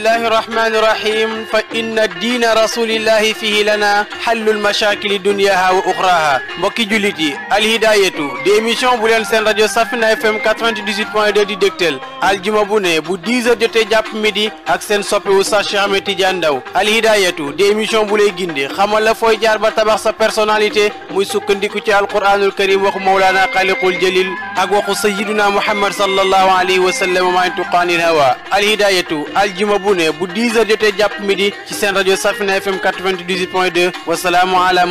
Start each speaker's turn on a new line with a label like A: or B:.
A: الله الرحمن الرحيم فإن الدين رسول الله فيه لنا حل المشاكل دنياها وأخراها mbokki jullit yi Al Hidayatu di émission bu leen seen rajo Safina FM 98.2 di dégtal aljuma bu ne bu 10 heures jotee jàpp midi ak seen soppewu sa Cheikh Ahmed Tidiane Ndaw Al Hidayatu di émission bu lay gindi xamal la fooy jaar ba tabax sa personnalité muy sukkandiku ci alquranul karim waxu Mawlana xaaliqul jalil ak waxu sayyiduna Muhammad sallallahu alayhi wa sallam maa tuqaanil hawa Al Hidayatu aljuma bu bu bu 10 h jotee japp midi ci sen radio Safina FM 98.2 point 2
B: wasalaamu